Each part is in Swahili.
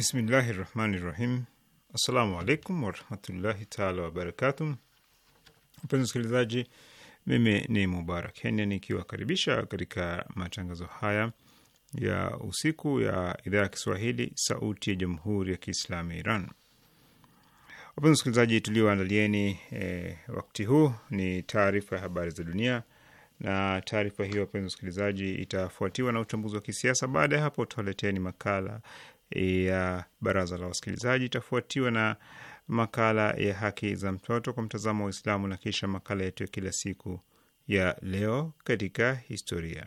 Bismillahi rahmani rahim. Assalamu alaikum warahmatullahi taala wabarakatu. Mpenzi msikilizaji, mimi ni Mubarak Kenya nikiwakaribisha katika matangazo haya ya usiku ya idhaa ya Kiswahili sauti ya jamhuri ya Kiislamu ya Iran. Wapenzi msikilizaji, tulioandalieni e, wakati huu ni taarifa ya habari za dunia na taarifa hiyo, wapenzi msikilizaji, itafuatiwa na uchambuzi wa kisiasa. Baada ya hapo, tutawaleteni makala ya baraza la wasikilizaji, itafuatiwa na makala ya haki za mtoto kwa mtazamo wa Uislamu na kisha makala yetu ya kila siku ya leo katika historia.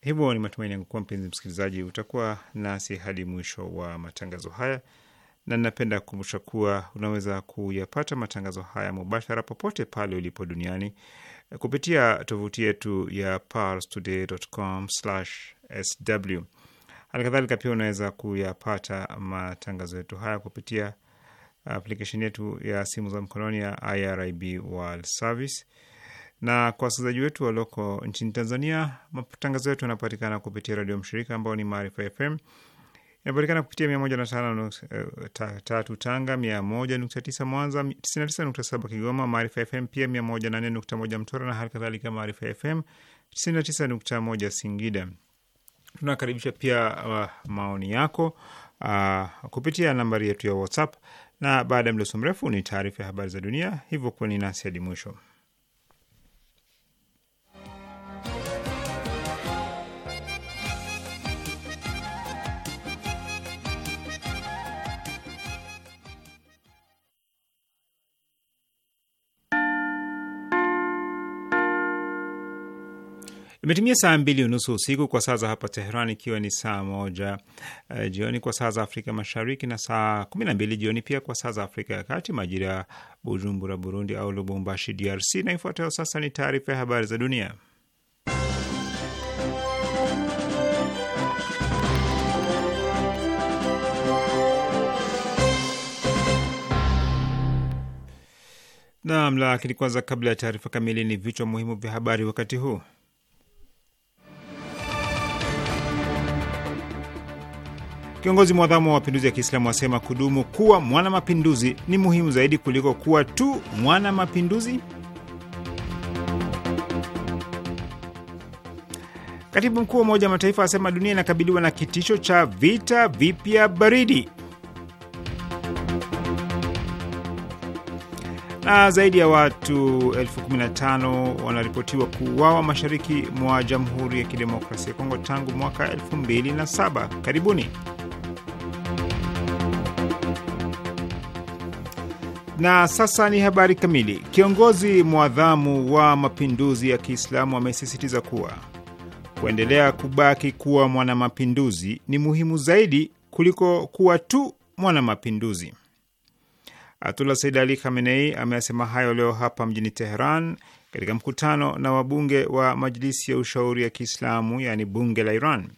Hivyo ni matumaini yangu kuwa mpenzi msikilizaji utakuwa nasi hadi mwisho wa matangazo haya, na ninapenda kukumbusha kuwa unaweza kuyapata matangazo haya mubashara popote pale ulipo duniani kupitia tovuti yetu ya parstoday.com/sw Halikadhalika pia unaweza kuyapata matangazo yetu haya kupitia aplikesheni yetu ya simu za mkononi ya IRIB World Service, na kwa wasikilizaji wetu walioko nchini Tanzania, matangazo yetu yanapatikana kupitia redio mshirika ambao ni Maarifa FM. Inapatikana kupitia mia moja na tano tatu Tanga, mia moja nukta tisa Mwanza, tisini tisa nukta saba Kigoma, Maarifa FM pia mia moja na nukta moja mtora na hali kadhalika Maarifa FM tisini tisa nukta moja Singida. Tunakaribisha pia uh, maoni yako uh, kupitia nambari yetu ya WhatsApp, na baada ya mdoso mrefu ni taarifa ya habari za dunia, hivyo kuweni nasi hadi mwisho. Imetimia saa mbili unusu usiku kwa saa za hapa Teheran, ikiwa ni saa moja uh, jioni kwa saa za Afrika Mashariki na saa kumi na mbili jioni pia kwa saa za Afrika ya Kati, majira ya Bujumbura Burundi au Lubumbashi DRC. Na ifuatayo sasa ni taarifa ya habari za dunia. Naam, lakini kwanza, kabla ya taarifa kamili, ni vichwa muhimu vya habari wakati huu. Kiongozi mwadhamu wa mapinduzi ya Kiislamu asema kudumu kuwa mwana mapinduzi ni muhimu zaidi kuliko kuwa tu mwana mapinduzi. Katibu mkuu wa Umoja wa Mataifa asema dunia inakabiliwa na kitisho cha vita vipya baridi. Na zaidi ya watu elfu kumi na tano wanaripotiwa kuuawa mashariki mwa Jamhuri ya Kidemokrasia ya Kongo tangu mwaka 2007. Karibuni. Na sasa ni habari kamili. Kiongozi mwadhamu wa mapinduzi ya Kiislamu amesisitiza kuwa kuendelea kubaki kuwa mwanamapinduzi ni muhimu zaidi kuliko kuwa tu mwanamapinduzi. Atula Said Ali Khamenei ameasema hayo leo hapa mjini Teheran katika mkutano na wabunge wa Majlisi ya Ushauri ya Kiislamu, yaani bunge la Iran.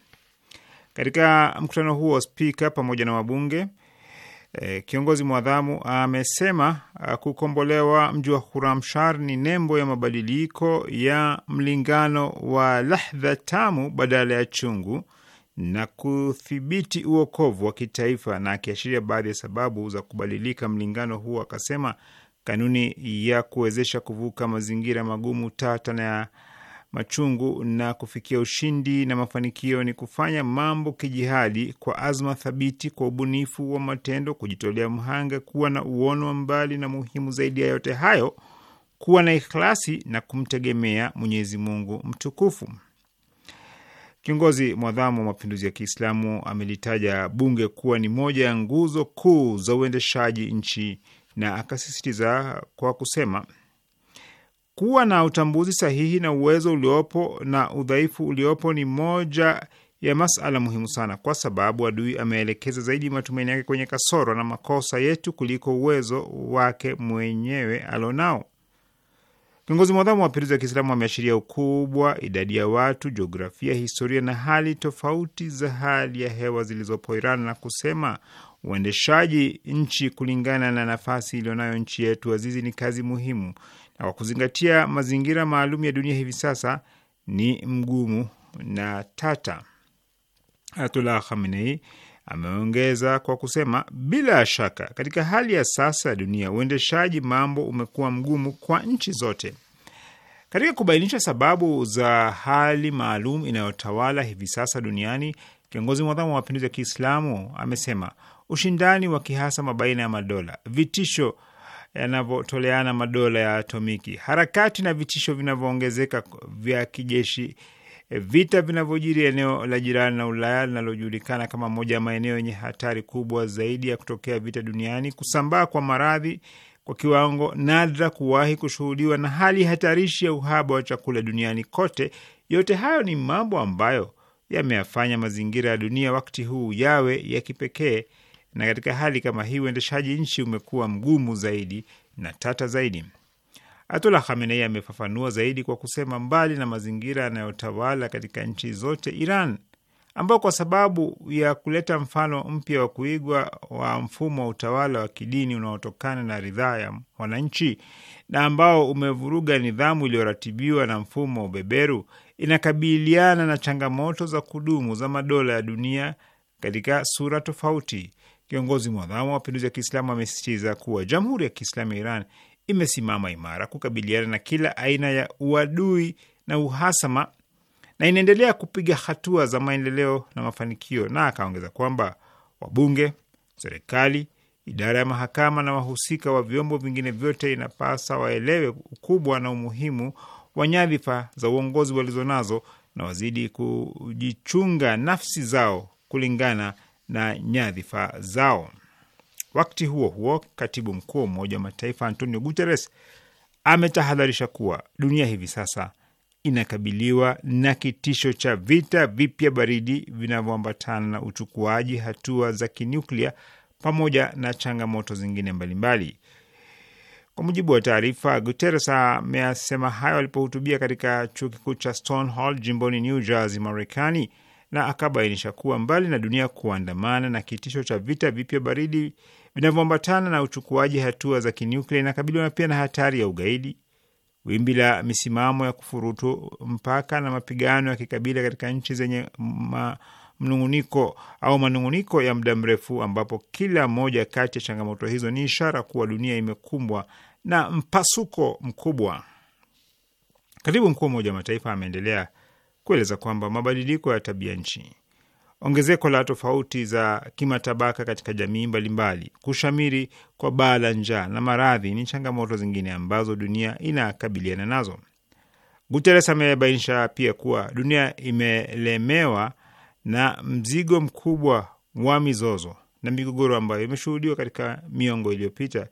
Katika mkutano huo, spika pamoja na wabunge E, kiongozi mwadhamu amesema e, kukombolewa mji wa Huramshar ni nembo ya mabadiliko ya mlingano wa lahdha tamu badala ya chungu na kuthibiti uokovu wa kitaifa, na akiashiria baadhi ya sababu za kubadilika mlingano huo, akasema kanuni ya kuwezesha kuvuka mazingira magumu tata na ya machungu na kufikia ushindi na mafanikio ni kufanya mambo kijihadi kwa azma thabiti, kwa ubunifu wa matendo, kujitolea mhanga, kuwa na uono wa mbali, na muhimu zaidi ya yote hayo, kuwa na ikhlasi na kumtegemea Mwenyezi Mungu mtukufu. Kiongozi mwadhamu wa mapinduzi ya Kiislamu amelitaja bunge kuwa ni moja ya nguzo kuu za uendeshaji nchi na akasisitiza kwa kusema kuwa na utambuzi sahihi na uwezo uliopo na udhaifu uliopo ni moja ya masala muhimu sana, kwa sababu adui ameelekeza zaidi matumaini yake kwenye kasoro na makosa yetu kuliko uwezo wake mwenyewe alonao. Kiongozi mwadhamu wa mapinduzi ya Kiislamu ameashiria ukubwa, idadi ya watu, jiografia, historia na hali tofauti za hali ya hewa zilizopo Iran na kusema uendeshaji nchi kulingana na nafasi iliyonayo nchi yetu azizi ni kazi muhimu na kwa kuzingatia mazingira maalum ya dunia hivi sasa ni mgumu na tata. Ayatullah Khamenei ameongeza kwa kusema, bila shaka katika hali ya sasa ya dunia uendeshaji mambo umekuwa mgumu kwa nchi zote. Katika kubainisha sababu za hali maalum inayotawala hivi sasa duniani, kiongozi mwadhamu wa mapinduzi ya Kiislamu amesema ushindani wa kihasama baina ya madola, vitisho yanavyotoleana madola ya atomiki, harakati na vitisho vinavyoongezeka vya kijeshi, vita vinavyojiri eneo la jirani na Ulaya linalojulikana kama moja ya maeneo yenye hatari kubwa zaidi ya kutokea vita duniani, kusambaa kwa maradhi kwa kiwango nadra kuwahi kushuhudiwa na hali hatarishi ya uhaba wa chakula duniani kote. Yote hayo ni mambo ambayo yameyafanya mazingira ya dunia wakati huu yawe ya kipekee na katika hali kama hii uendeshaji nchi umekuwa mgumu zaidi na tata zaidi. Ayatullah Khamenei amefafanua zaidi kwa kusema, mbali na mazingira yanayotawala katika nchi zote, Iran ambao kwa sababu ya kuleta mfano mpya wa kuigwa wa mfumo wa utawala wa kidini unaotokana na ridhaa ya wananchi na ambao umevuruga nidhamu iliyoratibiwa na mfumo wa ubeberu, inakabiliana na changamoto za kudumu za madola ya dunia katika sura tofauti. Kiongozi mwadhamu wa mapinduzi ya Kiislamu amesisitiza kuwa Jamhuri ya Kiislamu ya Iran imesimama imara kukabiliana na kila aina ya uadui na uhasama na inaendelea kupiga hatua za maendeleo na mafanikio. Na akaongeza kwamba wabunge, serikali, idara ya mahakama na wahusika wa vyombo vingine vyote inapasa waelewe ukubwa na umuhimu wa nyadhifa za uongozi walizonazo na wazidi kujichunga nafsi zao kulingana na nyadhifa zao. Wakati huo huo, katibu mkuu wa Umoja wa Mataifa Antonio Guterres ametahadharisha kuwa dunia hivi sasa inakabiliwa na kitisho cha vita vipya baridi vinavyoambatana na uchukuaji hatua za kinuklia pamoja na changamoto zingine mbalimbali. Kwa mujibu wa taarifa, Guterres ameasema hayo alipohutubia katika chuo kikuu cha Stonehall jimboni New Jersey, Marekani na akabainisha kuwa mbali na dunia kuandamana na kitisho cha vita vipya baridi vinavyoambatana na uchukuaji hatua za kinuklia, inakabiliwa pia na hatari ya ugaidi, wimbi la misimamo ya kufurutu mpaka na mapigano ya kikabila katika nchi zenye mnunguniko au manunguniko ya muda mrefu, ambapo kila moja kati ya changamoto hizo ni ishara kuwa dunia imekumbwa na mpasuko mkubwa. Katibu mkuu wa Umoja wa Mataifa ameendelea kueleza kwamba mabadiliko ya tabia nchi, ongezeko la tofauti za kimatabaka katika jamii mbalimbali, kushamiri kwa baa la njaa na maradhi ni changamoto zingine ambazo dunia inakabiliana nazo. Guteres amebainisha pia kuwa dunia imelemewa na mzigo mkubwa wa mizozo na migogoro ambayo imeshuhudiwa katika miongo iliyopita.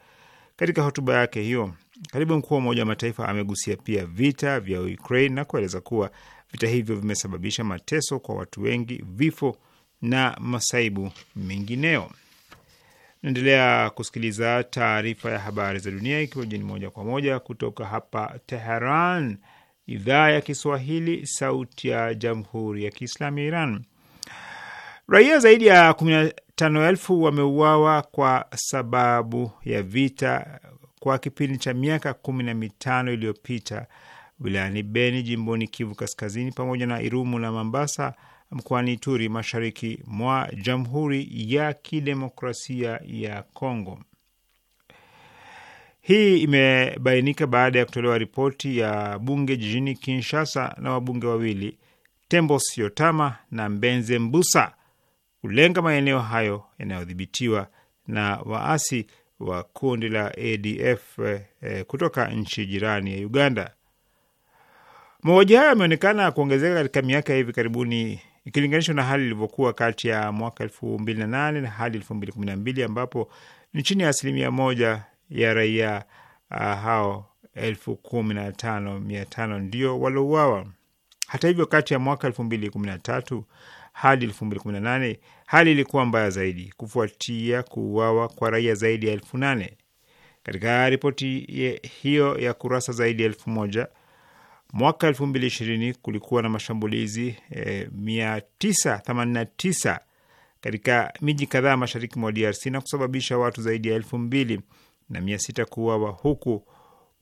Katika hotuba yake hiyo, karibu mkuu wa Umoja wa Mataifa amegusia pia vita vya Ukraine na kueleza kuwa Vita hivyo vimesababisha mateso kwa watu wengi, vifo na masaibu mengineo. Naendelea kusikiliza taarifa ya habari za dunia, ikiwa jeni moja kwa moja kutoka hapa Teheran, idhaa ya Kiswahili, sauti ya jamhuri ya kiislamu ya Iran. Raia zaidi ya kumi na tano elfu wameuawa kwa sababu ya vita kwa kipindi cha miaka kumi na mitano iliyopita wilayani Beni jimboni Kivu Kaskazini, pamoja na Irumu na Mambasa mkoani Ituri, mashariki mwa Jamhuri ya Kidemokrasia ya Kongo. Hii imebainika baada ya kutolewa ripoti ya bunge jijini Kinshasa na wabunge wawili Tembo Siotama na Mbenze Mbusa kulenga maeneo hayo yanayodhibitiwa na waasi wa kundi la ADF eh, kutoka nchi jirani ya Uganda. Mauaji hayo yameonekana kuongezeka katika miaka ya hivi karibuni ikilinganishwa na hali ilivyokuwa kati ya mwaka elfu mbili na nane na hadi elfu mbili kumi na mbili ambapo ni chini ya asilimia moja ya raia uh, hao elfu kumi na tano mia tano ndio walouawa. Hata hivyo, kati ya mwaka elfu mbili kumi na tatu hadi elfu mbili kumi na nane hali ilikuwa mbaya zaidi kufuatia kuuawa kwa raia zaidi ya elfu nane. Katika ripoti hiyo ya kurasa zaidi ya elfu moja Mwaka ishirini kulikuwa na mashambulizi e, eh, 989 katika miji kadhaa mashariki mwa DRC na kusababisha watu zaidi ya elfu mbili na mia sita kuuawa huku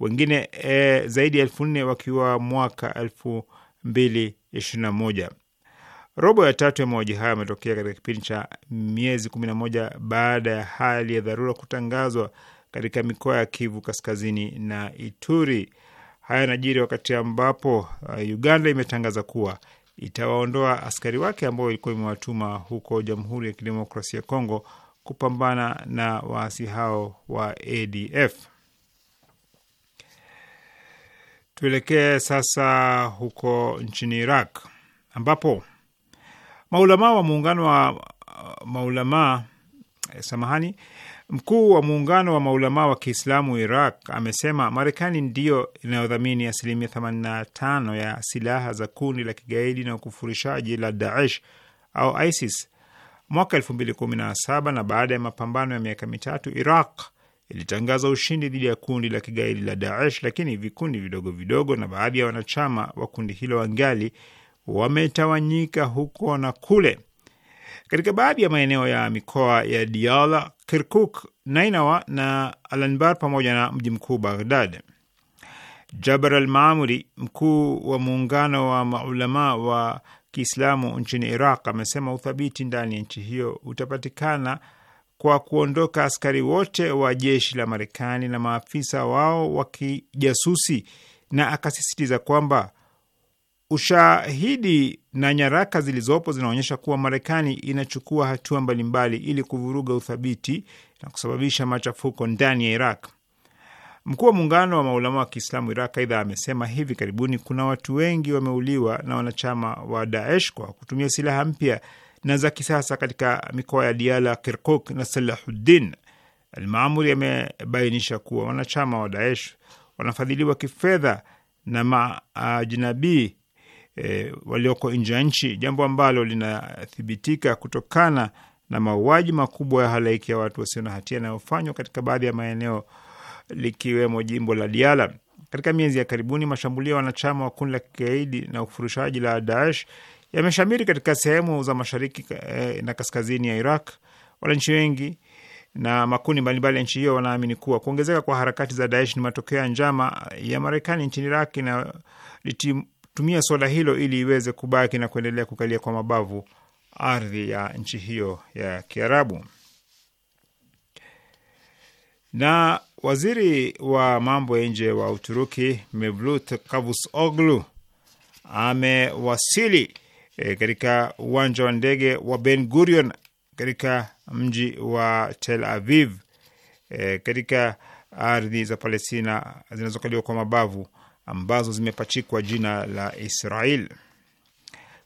wengine e, zaidi ya elfu nne wakiwa mwaka elfu mbili ishirini na moja. Robo ya tatu ya mauaji hayo yametokea katika kipindi cha miezi kumi na moja baada ya hali ya dharura kutangazwa katika mikoa ya Kivu Kaskazini na Ituri. Haya yanajiri wakati ambapo uh, Uganda imetangaza kuwa itawaondoa askari wake ambao ilikuwa imewatuma huko Jamhuri ya Kidemokrasia ya Kongo kupambana na waasi hao wa ADF. Tuelekee sasa huko nchini Iraq ambapo maulamaa wa muungano wa uh, maulamaa, eh, samahani, Mkuu wa muungano wa maulamaa wa Kiislamu Iraq amesema Marekani ndiyo inayodhamini asilimia 85 ya silaha za kundi la kigaidi na ukufurishaji la Daesh au ISIS. Mwaka 2017 na baada ya mapambano ya miaka mitatu, Iraq ilitangaza ushindi dhidi ya kundi la kigaidi la Daesh, lakini vikundi vidogo vidogo na baadhi ya wanachama wa kundi hilo wangali wametawanyika huko na kule. Katika baadhi ya maeneo ya mikoa ya Diyala, Kirkuk, Nainawa na Alanbar pamoja na mji mkuu Baghdad. Jabar al-Maamuri, mkuu wa muungano wa maulama wa Kiislamu nchini Iraq, amesema uthabiti ndani ya nchi hiyo utapatikana kwa kuondoka askari wote wa jeshi la Marekani na maafisa wao wa kijasusi, na akasisitiza kwamba Ushahidi na nyaraka zilizopo zinaonyesha kuwa Marekani inachukua hatua mbalimbali ili kuvuruga uthabiti na kusababisha machafuko ndani ya Iraq. Mkuu wa muungano wa maulama wa Kiislamu Iraq aidha amesema hivi karibuni kuna watu wengi wameuliwa na wanachama wa Daesh kwa kutumia silaha mpya na za kisasa katika mikoa ya Diala, Kirkuk na Salahuddin. Almaamuri amebainisha kuwa wanachama wa Daesh wanafadhiliwa kifedha na maajinabii e, walioko nje ya nchi, jambo ambalo linathibitika kutokana na mauaji makubwa ya halaiki ya watu wasio na hatia yanayofanywa katika baadhi ya maeneo likiwemo jimbo la Diala. Katika miezi ya karibuni, mashambulio ya wanachama wa kundi la kigaidi na ufurushaji la Daesh yameshamiri katika sehemu za mashariki eh, na kaskazini ya Iraq. Wananchi wengi na makundi mbalimbali ya nchi hiyo wanaamini kuwa kuongezeka kwa harakati za Daesh ni matokeo ya njama ya Marekani nchini Iraq na tumia suala hilo ili iweze kubaki na kuendelea kukalia kwa mabavu ardhi ya nchi hiyo ya Kiarabu. Na waziri wa mambo ya nje wa Uturuki Mevlut Cavusoglu amewasili e, katika uwanja wa ndege wa Ben Gurion katika mji wa Tel Aviv e, katika ardhi za Palestina zinazokaliwa kwa mabavu ambazo zimepachikwa jina la Israel.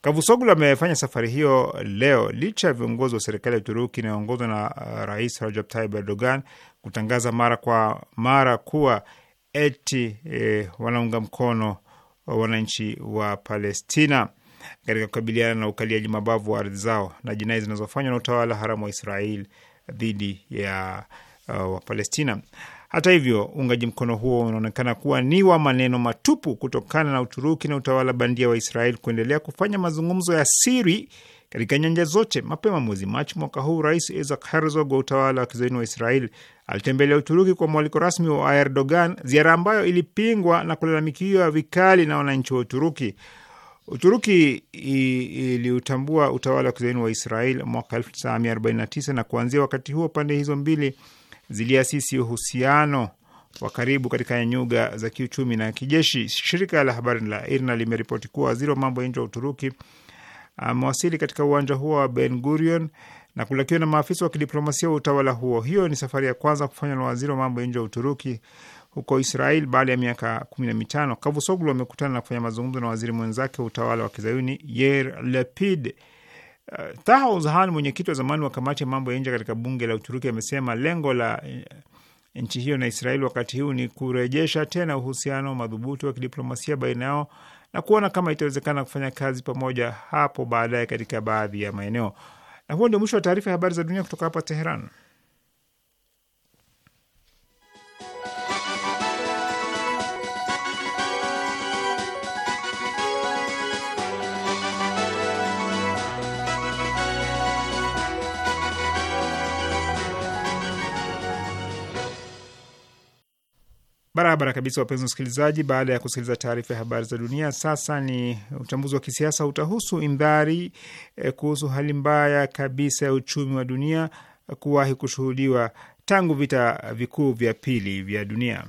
Kavusoglu amefanya safari hiyo leo licha ya viongozi wa serikali ya Uturuki inayoongozwa na uh, Rais Rajab Tayyip Erdogan kutangaza mara kwa mara kuwa eti e, wanaunga mkono wananchi wa Palestina katika kukabiliana na ukaliaji mabavu wa ardhi zao na jinai zinazofanywa na utawala haramu wa Israel dhidi ya uh, Wapalestina. Hata hivyo, uungaji mkono huo unaonekana kuwa ni wa maneno matupu kutokana na Uturuki na utawala bandia wa Israel kuendelea kufanya mazungumzo ya siri katika nyanja zote. Mapema mwezi Machi mwaka huu, Rais Isaac Herzog wa utawala wa kizayuni wa Israel alitembelea Uturuki kwa mwaliko rasmi wa Erdogan, ziara ambayo ilipingwa na kulalamikiwa vikali na wananchi wa Uturuki. Uturuki iliutambua utawala wa kizayuni wa Israel mwaka 1949 na kuanzia wakati huo pande hizo mbili ziliasisi uhusiano wa karibu katika nyuga za kiuchumi na kijeshi. Shirika la habari la IRNA limeripoti kuwa waziri wa mambo ya nje wa Uturuki amewasili katika uwanja huo wa Ben Gurion na kulakiwa na maafisa wa kidiplomasia wa utawala huo. Hiyo ni safari ya kwanza kufanywa na waziri wa mambo ya nje wa Uturuki huko Israel baada ya miaka kumi na mitano. Kavusoglu amekutana na kufanya mazungumzo na waziri mwenzake wa utawala wa kizayuni Yair Lapid Uh, Taha Uzhan, mwenyekiti wa zamani wa kamati ya mambo ya nje katika bunge la Uturuki, amesema lengo la eh, nchi hiyo na Israeli wakati huu ni kurejesha tena uhusiano madhubuti wa kidiplomasia baina yao na kuona kama itawezekana kufanya kazi pamoja hapo baadaye katika baadhi ya maeneo. Na huo ndio mwisho wa taarifa ya habari za dunia kutoka hapa Teheran. Barabara kabisa, wapenzi wasikilizaji. Baada ya kusikiliza taarifa ya habari za dunia, sasa ni uchambuzi wa kisiasa. Utahusu indhari eh, kuhusu hali mbaya kabisa ya uchumi wa dunia kuwahi kushuhudiwa tangu vita vikuu vya pili vya dunia.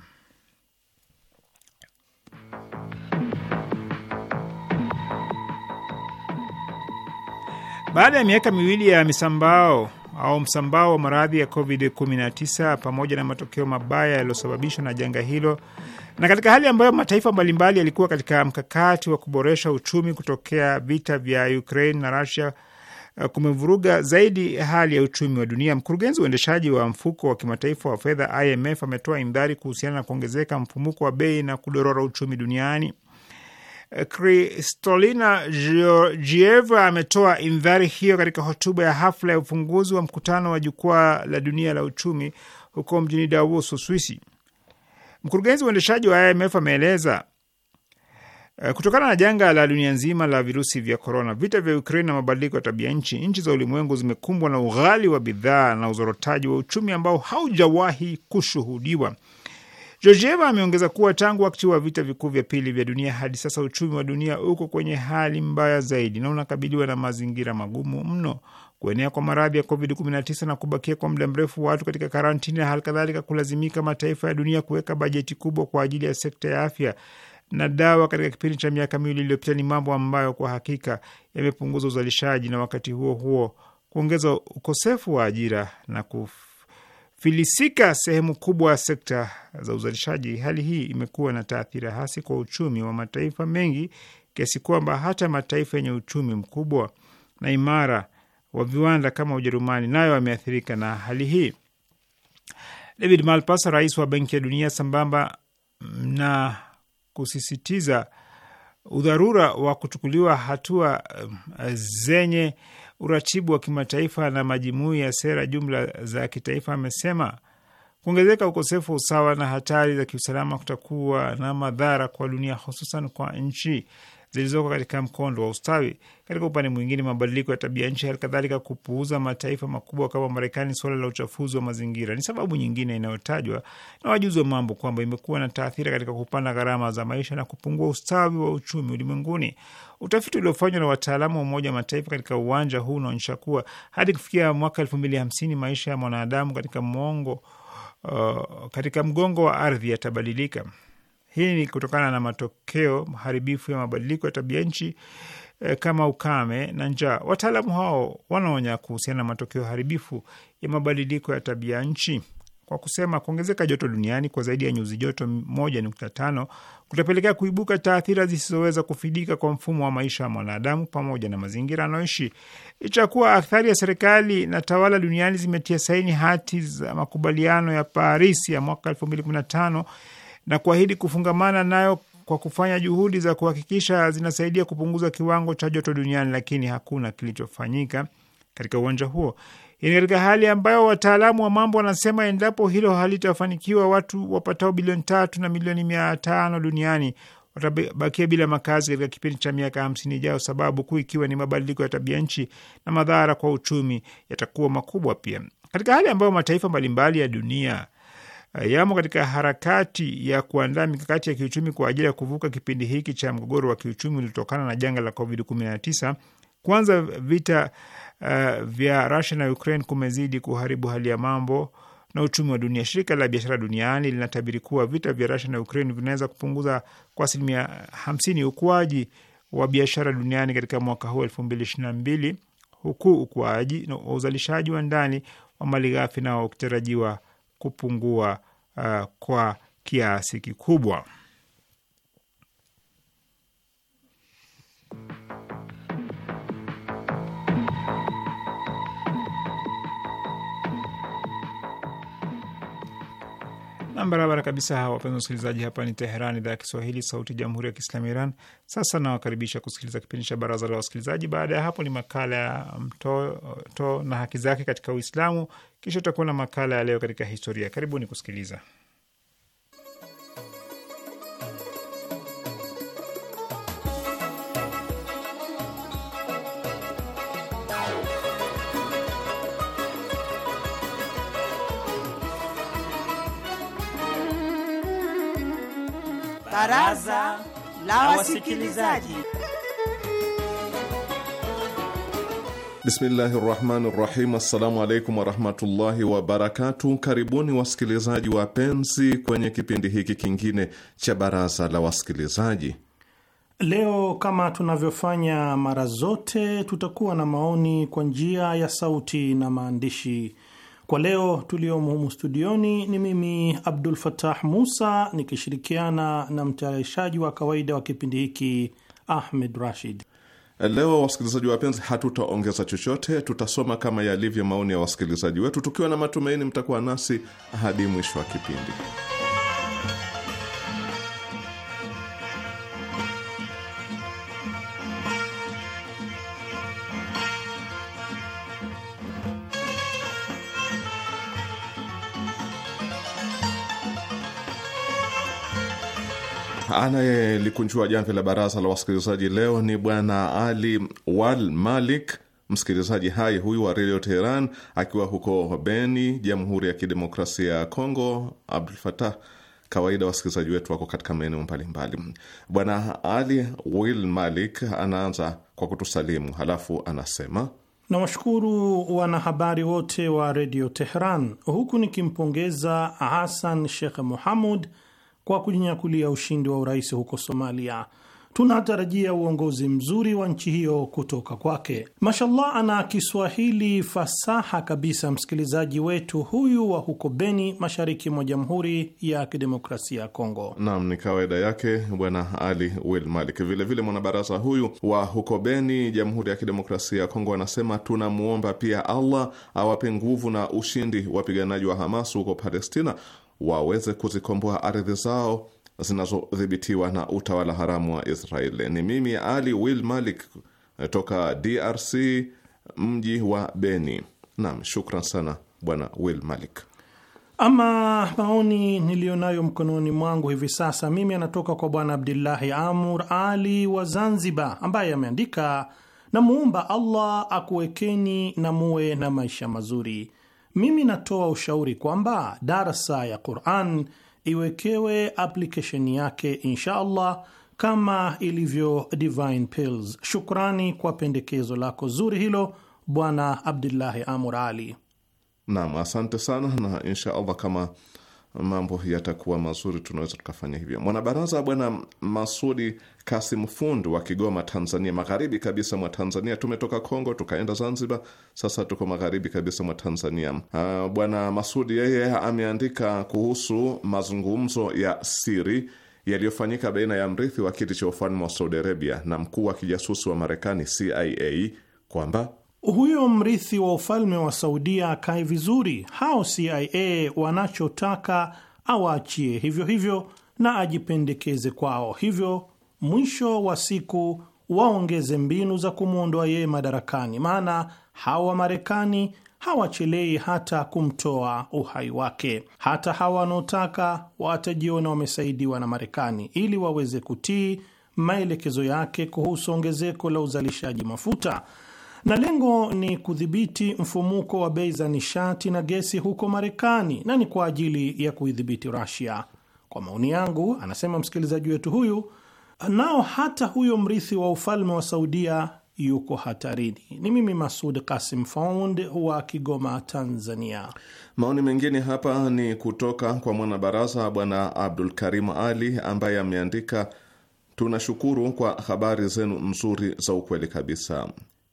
Baada ya miaka miwili ya misambao au msambao wa maradhi ya COVID-19 pamoja na matokeo mabaya yaliyosababishwa na janga hilo, na katika hali ambayo mataifa mbalimbali yalikuwa katika mkakati wa kuboresha uchumi kutokea vita vya Ukraine na Russia uh, kumevuruga zaidi hali ya uchumi wa dunia. Mkurugenzi uendeshaji wa mfuko wa kimataifa wa fedha IMF ametoa imdhari kuhusiana na kuongezeka mfumuko wa bei na kudorora uchumi duniani. Kristolina Georgieva ametoa indhari hiyo katika hotuba ya hafla ya ufunguzi wa mkutano wa jukwaa la dunia la uchumi huko mjini Davos, Uswisi. Mkurugenzi uendeshaji wa IMF ameeleza eh, kutokana na janga la dunia nzima la virusi vya korona, vita vya Ukraini na mabadiliko ya tabia nchi, nchi za ulimwengu zimekumbwa na ughali wa bidhaa na uzorotaji wa uchumi ambao haujawahi kushuhudiwa. Georgieva ameongeza kuwa tangu wakati wa vita vikuu vya pili vya dunia hadi sasa uchumi wa dunia uko kwenye hali mbaya zaidi na unakabiliwa na mazingira magumu mno. Kuenea kwa maradhi ya COVID-19 na kubakia kwa muda mrefu watu katika karantini na hali kadhalika kulazimika mataifa ya dunia kuweka bajeti kubwa kwa ajili ya sekta ya afya na dawa katika kipindi cha miaka miwili iliyopita ni mambo ambayo kwa hakika yamepunguza uzalishaji na wakati huo huo kuongeza ukosefu wa ajira na kufu filisika sehemu kubwa ya sekta za uzalishaji, hali hii imekuwa na taathira hasi kwa uchumi wa mataifa mengi kiasi kwamba hata mataifa yenye uchumi mkubwa na imara wa viwanda kama Ujerumani nayo ameathirika na hali hii. David Malpass, rais wa Benki ya Dunia, sambamba na kusisitiza udharura wa kuchukuliwa hatua eh, zenye uratibu wa kimataifa na majimui ya sera jumla za kitaifa amesema kuongezeka ukosefu wa usawa na hatari za kiusalama kutakuwa na madhara kwa dunia, hususan kwa nchi zilizoko katika mkondo wa ustawi. Katika upande mwingine, mabadiliko ya tabia nchi, hali kadhalika kupuuza mataifa makubwa kama Marekani suala la uchafuzi wa mazingira ni sababu nyingine inayotajwa na wajuzi wa mambo kwamba imekuwa na taathira katika kupanda gharama za maisha na kupungua ustawi wa uchumi ulimwenguni. Utafiti uliofanywa na wataalamu wa Umoja wa Mataifa katika uwanja huu unaonyesha kuwa hadi kufikia mwaka elfu mbili hamsini maisha ya mwanadamu katika mwongo, uh, katika mgongo wa ardhi yatabadilika. Hii ni kutokana na matokeo haribifu ya mabadiliko ya tabia nchi eh, kama ukame na njaa. Wataalamu hao wanaonya kuhusiana na matokeo haribifu ya mabadiliko ya tabia nchi kwa kusema kuongezeka joto duniani kwa zaidi ya nyuzi joto moja nukta tano kutapelekea kuibuka taathira zisizoweza kufidika kwa mfumo wa maisha ya mwanadamu pamoja na mazingira anaoishi Licha kuwa athari ya serikali na tawala duniani zimetia saini hati za makubaliano ya Paris ya mwaka elfu mbili kumi na tano na kuahidi kufungamana nayo kwa kufanya juhudi za kuhakikisha zinasaidia kupunguza kiwango cha joto duniani, lakini hakuna kilichofanyika katika uwanja huo. Ni katika hali ambayo wataalamu wa mambo wanasema endapo hilo halitafanikiwa, watu wapatao bilioni tatu na milioni mia tano duniani watabakia bila makazi katika kipindi cha miaka hamsini ijayo, sababu kuu ikiwa ni mabadiliko ya tabia nchi, na madhara kwa uchumi yatakuwa makubwa pia, katika hali ambayo mataifa mbalimbali ya dunia Eh, yamo katika harakati ya kuandaa mikakati ya kiuchumi kwa ajili ya kuvuka kipindi hiki cha mgogoro wa kiuchumi uliotokana na janga la COVID-19. Kwanza, vita uh, vya Rusia na Ukraine kumezidi kuharibu hali ya mambo na uchumi wa dunia. Shirika la biashara duniani linatabiri kuwa vita vya Rusia na Ukraine vinaweza kupunguza kwa asilimia 50 ukuaji wa biashara duniani katika mwaka huu 2022 huku ukuaji na uzalishaji wa ndani wa mali ghafi nao ukitarajiwa kupungua uh, kwa kiasi kikubwa. Barabara kabisa hawa, wapenzi wasikilizaji, hapa ni Teheran, idhaa ya Kiswahili, sauti ya jamhuri ya kiislamu ya Iran. Sasa nawakaribisha kusikiliza kipindi cha baraza la wasikilizaji. Baada ya hapo ni makala ya mtoto na haki zake katika Uislamu, kisha utakuwa na makala ya leo katika historia. Karibuni kusikiliza. Baraza la Wasikilizaji. Bismillahi rahmani rahim. Assalamu alaikum warahmatullahi wabarakatu. Karibuni wasikilizaji wapenzi kwenye kipindi hiki kingine cha baraza la wasikilizaji. Leo kama tunavyofanya mara zote, tutakuwa na maoni kwa njia ya sauti na maandishi kwa leo tuliomo humu studioni ni mimi Abdul Fatah Musa nikishirikiana na mtayarishaji wa kawaida wa kipindi hiki Ahmed Rashid. Leo wasikilizaji wapenzi, hatutaongeza chochote, tutasoma kama yalivyo maoni ya wasikilizaji wetu, tukiwa na matumaini mtakuwa nasi hadi mwisho wa kipindi. Anayelikunjua jamvi la baraza la wasikilizaji leo ni bwana Ali Wal Malik, msikilizaji hai huyu wa redio Teheran akiwa huko Beni, Jamhuri ya Kidemokrasia ya Kongo. Abdul Fatah, kawaida wasikilizaji wetu wako katika maeneo mbalimbali. Bwana Ali Wil Malik anaanza kwa kutusalimu, halafu anasema Nawashukuru wanahabari wote wa redio teheran huku nikimpongeza Hasan Shekh Muhamud kwa kujinyakulia ushindi wa urais huko Somalia. Tunatarajia uongozi mzuri wa nchi hiyo kutoka kwake. Mashallah, ana Kiswahili fasaha kabisa msikilizaji wetu huyu wa huko Beni, mashariki mwa Jamhuri ya Kidemokrasia ya Kongo. Naam, ni kawaida yake Bwana Ali Wil Malik. Vilevile mwanabaraza huyu wa huko Beni, Jamhuri ya Kidemokrasia ya Kongo, anasema tunamwomba pia Allah awape nguvu na ushindi wapiganaji wa Hamas huko Palestina, waweze kuzikomboa ardhi zao zinazodhibitiwa na utawala haramu wa Israeli. Ni mimi Ali Will Malik toka DRC, mji wa Beni. Naam, shukran sana Bwana Will Malik. Ama maoni niliyonayo mkononi mwangu hivi sasa mimi anatoka kwa Bwana Abdullahi Amur Ali wa Zanzibar, ambaye ameandika: namuomba Allah akuwekeni na muwe na maisha mazuri mimi natoa ushauri kwamba darsa ya Quran iwekewe aplikesheni yake insha allah kama ilivyo Divine Pills. Shukrani kwa pendekezo lako zuri hilo Bwana Abdullahi Amur Ali. Naam, asante sana na insha allah kama mambo yatakuwa mazuri, tunaweza tukafanya hivyo. Mwanabaraza Bwana Masudi Kasim Fundu wa Kigoma, Tanzania, magharibi kabisa mwa Tanzania. Tumetoka Kongo tukaenda Zanzibar, sasa tuko magharibi kabisa mwa Tanzania. Ah, Bwana Masudi yeye ameandika kuhusu mazungumzo ya siri yaliyofanyika baina ya mrithi wa kiti cha ufalme wa Saudi Arabia na mkuu wa kijasusi wa Marekani, CIA, kwamba huyo mrithi wa ufalme wa Saudia akae vizuri, hao CIA wanachotaka awaachie hivyo hivyo na ajipendekeze kwao, hivyo mwisho wa siku waongeze mbinu za kumwondoa yeye madarakani, maana hawa Marekani hawachelei hata kumtoa uhai wake. Hata hawa wanaotaka watajiona wamesaidiwa na Marekani ili waweze kutii maelekezo yake kuhusu ongezeko la uzalishaji mafuta na lengo ni kudhibiti mfumuko wa bei za nishati na gesi huko Marekani na ni kwa ajili ya kuidhibiti rasia Kwa maoni yangu, anasema msikilizaji wetu huyu, nao hata huyo mrithi wa ufalme wa Saudia yuko hatarini. Ni mimi Masud Kasim Found wa Kigoma, Tanzania. Maoni mengine hapa ni kutoka kwa mwanabaraza Bwana Abdul Karim Ali ambaye ameandika, tunashukuru kwa habari zenu nzuri za ukweli kabisa.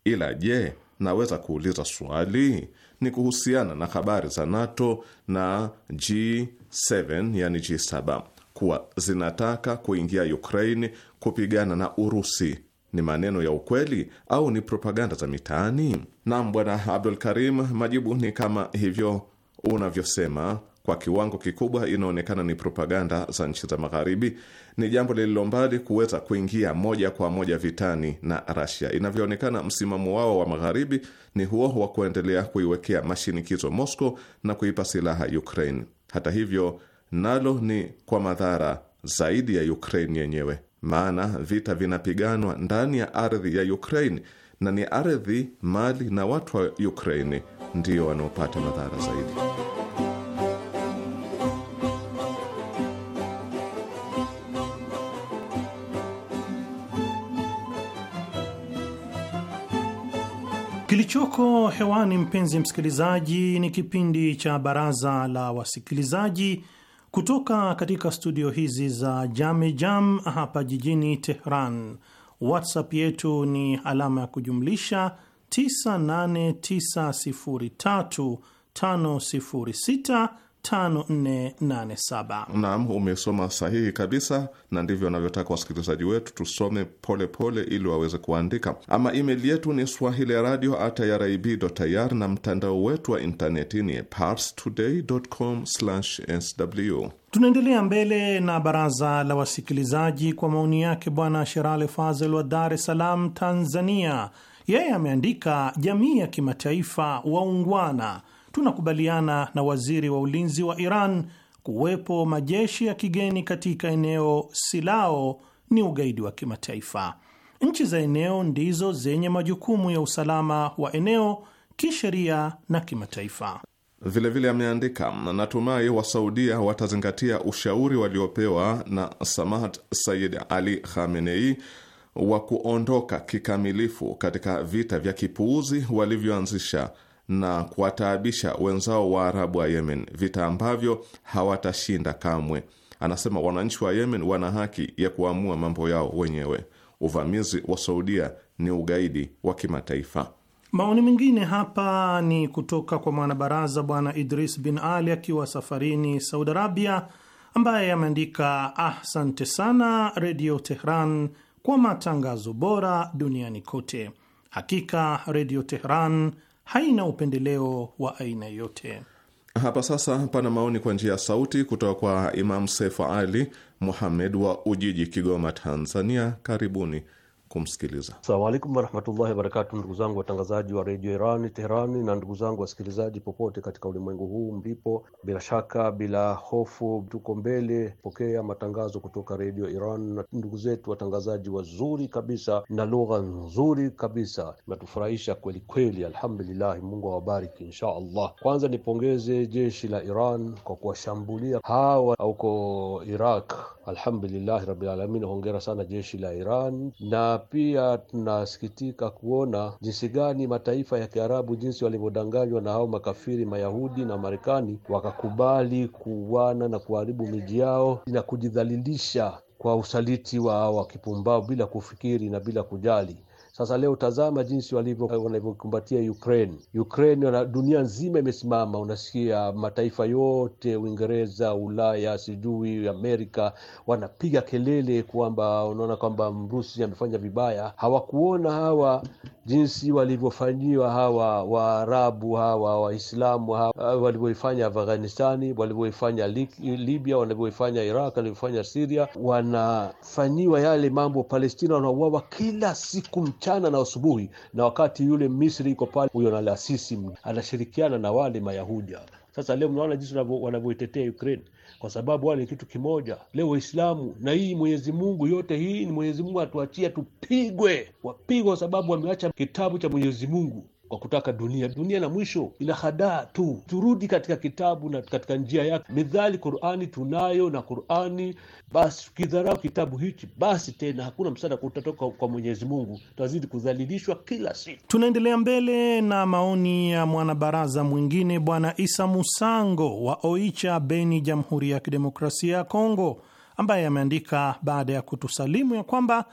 Ila je, naweza kuuliza swali? Ni kuhusiana na habari za NATO na G7, yani G7 kuwa zinataka kuingia Ukraine kupigana na Urusi. Ni maneno ya ukweli au ni propaganda za mitaani? Naam, Bwana Abdul Karim, majibu ni kama hivyo unavyosema kwa kiwango kikubwa inaonekana ni propaganda za nchi za Magharibi, ni jambo lililo mbali kuweza kuingia moja kwa moja vitani na Rasia. Inavyoonekana, msimamo wao wa Magharibi ni huo wa kuendelea kuiwekea mashinikizo Moscow na kuipa silaha Ukraine. Hata hivyo, nalo ni kwa madhara zaidi ya Ukraine yenyewe, maana vita vinapiganwa ndani ya ardhi ya Ukraine na ni ardhi, mali na watu wa Ukraine ndio wanaopata madhara zaidi. Kilichoko hewani, mpenzi msikilizaji, ni kipindi cha Baraza la Wasikilizaji kutoka katika studio hizi za Jame Jam hapa jijini Tehran. WhatsApp yetu ni alama ya kujumlisha 98903506 5487. Naam, umesoma sahihi kabisa, na ndivyo wanavyotaka wasikilizaji wetu, tusome polepole pole ili waweze kuandika. Ama email yetu ni swahili radio at na mtandao wetu wa intaneti ni parstoday.com/sw. Tunaendelea mbele na baraza la wasikilizaji kwa maoni yake Bwana Sherale Fazel wa Dar es Salaam, Tanzania. Yeye ameandika jamii ya kimataifa waungwana tunakubaliana na waziri wa ulinzi wa Iran kuwepo majeshi ya kigeni katika eneo silao ni ugaidi wa kimataifa. Nchi za eneo ndizo zenye majukumu ya usalama wa eneo kisheria na kimataifa. Vilevile ameandika natumai wasaudia watazingatia ushauri waliopewa na Samad Sayid Ali Khamenei wa kuondoka kikamilifu katika vita vya kipuuzi walivyoanzisha na kuwataabisha wenzao wa arabu wa Yemen, vita ambavyo hawatashinda kamwe. Anasema wananchi wa Yemen wana haki ya kuamua mambo yao wenyewe. Uvamizi wa Saudia ni ugaidi wa kimataifa. Maoni mengine hapa ni kutoka kwa mwanabaraza Bwana Idris bin Ali akiwa safarini Saudi Arabia, ambaye ameandika asante ah, sana Redio Tehran kwa matangazo bora duniani kote. Hakika Redio Tehran haina upendeleo wa aina yote Hapa sasa pana maoni kwa njia ya sauti kutoka kwa Imam Sefu Ali Muhamed wa Ujiji, Kigoma, Tanzania. Karibuni kumsikiliza. Asalamu alaikum warahmatullahi wabarakatu, ndugu zangu watangazaji wa redio Iran Teherani na ndugu zangu wasikilizaji popote katika ulimwengu huu mlipo, bila shaka bila hofu, tuko mbele pokea matangazo kutoka redio Iran na ndugu zetu watangazaji wazuri kabisa na lugha nzuri kabisa, natufurahisha kweli kweli, alhamdulillahi. Mungu awabariki insha Allah. Kwanza nipongeze jeshi la Iran kwa kuwashambulia hawa huko Iraq, alhamdulillahi rabbil alamin. Hongera sana jeshi la Iran na pia tunasikitika kuona jinsi gani mataifa ya Kiarabu jinsi walivyodanganywa na hao makafiri Mayahudi na Marekani, wakakubali kuuana na kuharibu miji yao na kujidhalilisha kwa usaliti wa wakipumbao bila kufikiri na bila kujali. Sasa leo tazama jinsi wanavyokumbatia Ukraine. Ukraine dunia nzima imesimama, unasikia mataifa yote, Uingereza, Ulaya, sijui Amerika, wanapiga kelele kwamba unaona kwamba Mrusi amefanya vibaya. Hawakuona hawa jinsi walivyofanyiwa hawa Waarabu hawa Waislamu hawa uh, walivyoifanya Afghanistani, walivyoifanya Libya, walivyoifanya Iraq, walivyofanya Siria, wanafanyiwa yale mambo. Palestina wanauawa kila siku mchana na asubuhi, na wakati yule Misri iko pale, huyo nalasisi anashirikiana na wale mayahudi Sasa leo mnaona jinsi wanavyoitetea Ukraine kwa sababu wale kitu kimoja. Leo Waislamu na hii Mwenyezi Mungu, yote hii ni Mwenyezi Mungu atuachia tupigwe, wapigwe kwa sababu wameacha kitabu cha Mwenyezi Mungu kwa kutaka dunia. Dunia na mwisho ina hadaa tu, turudi katika kitabu na katika njia yake. Midhali Qurani tunayo na Qurani, basi tukidharau kitabu hichi, basi tena hakuna msaada kutatoka kwa Mwenyezi Mungu, tutazidi kudhalilishwa kila siku. Tunaendelea mbele na maoni ya mwanabaraza mwingine, Bwana Isa Musango wa Oicha, Beni, Jamhuri ya Kidemokrasia ya Kongo, ambaye ameandika baada ya kutusalimu ya kwamba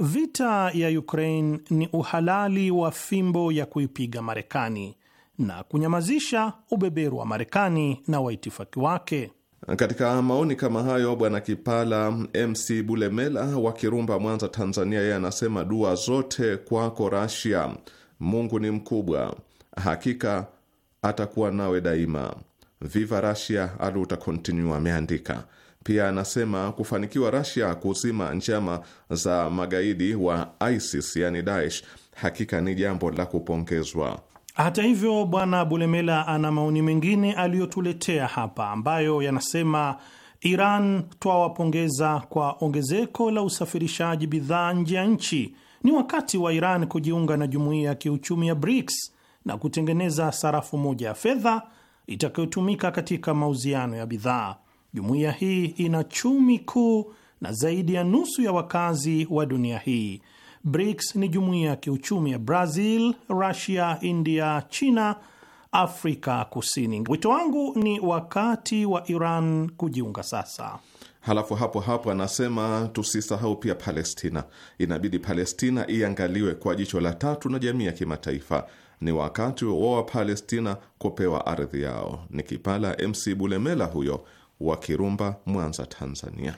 Vita ya Ukraine ni uhalali wa fimbo ya kuipiga Marekani na kunyamazisha ubeberu wa Marekani na waitifaki wake. Katika maoni kama hayo, Bwana Kipala MC Bulemela wa Kirumba, Mwanza, Tanzania, yeye anasema dua zote kwako Rasia, Mungu ni mkubwa, hakika atakuwa nawe daima. Viva Rasia, aluta continue, ameandika pia anasema kufanikiwa Rasia kuzima njama za magaidi wa ISIS yani Daesh hakika ni jambo la kupongezwa. Hata hivyo, Bwana Bulemela ana maoni mengine aliyotuletea hapa ambayo yanasema Iran twawapongeza kwa ongezeko la usafirishaji bidhaa nje ya nchi. Ni wakati wa Iran kujiunga na jumuiya ya kiuchumi ya BRICS na kutengeneza sarafu moja ya fedha itakayotumika katika mauziano ya bidhaa. Jumuiya hii ina chumi kuu na zaidi ya nusu ya wakazi wa dunia hii. BRICS ni jumuiya ya kiuchumi ya Brazil, Russia, India, China, Afrika Kusini. Wito wangu ni wakati wa Iran kujiunga sasa. Halafu hapo hapo anasema tusisahau pia Palestina. Inabidi Palestina iangaliwe kwa jicho la tatu na jamii ya kimataifa. Ni wakati wa Wapalestina kupewa ardhi yao. Ni kipala MC Bulemela huyo wa Kirumba, Mwanza, Tanzania.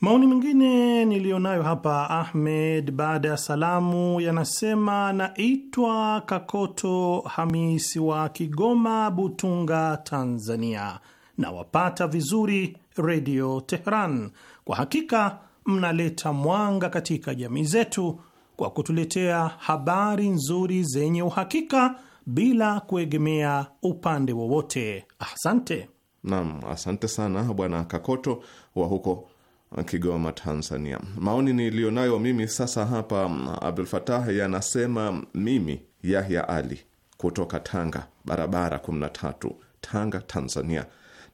Maoni mengine niliyonayo hapa Ahmed, baada ya salamu, yanasema naitwa Kakoto Hamisi wa Kigoma, Butunga, Tanzania. Nawapata vizuri Redio Tehran. Kwa hakika mnaleta mwanga katika jamii zetu kwa kutuletea habari nzuri zenye uhakika bila kuegemea upande wowote. Asante. Naam, asante sana bwana Kakoto wa huko uh, Kigoma, Tanzania. Maoni niliyonayo mimi sasa hapa, um, Abdul Fatah, yanasema mimi Yahya Ali kutoka Tanga, barabara 13, Tanga, Tanzania.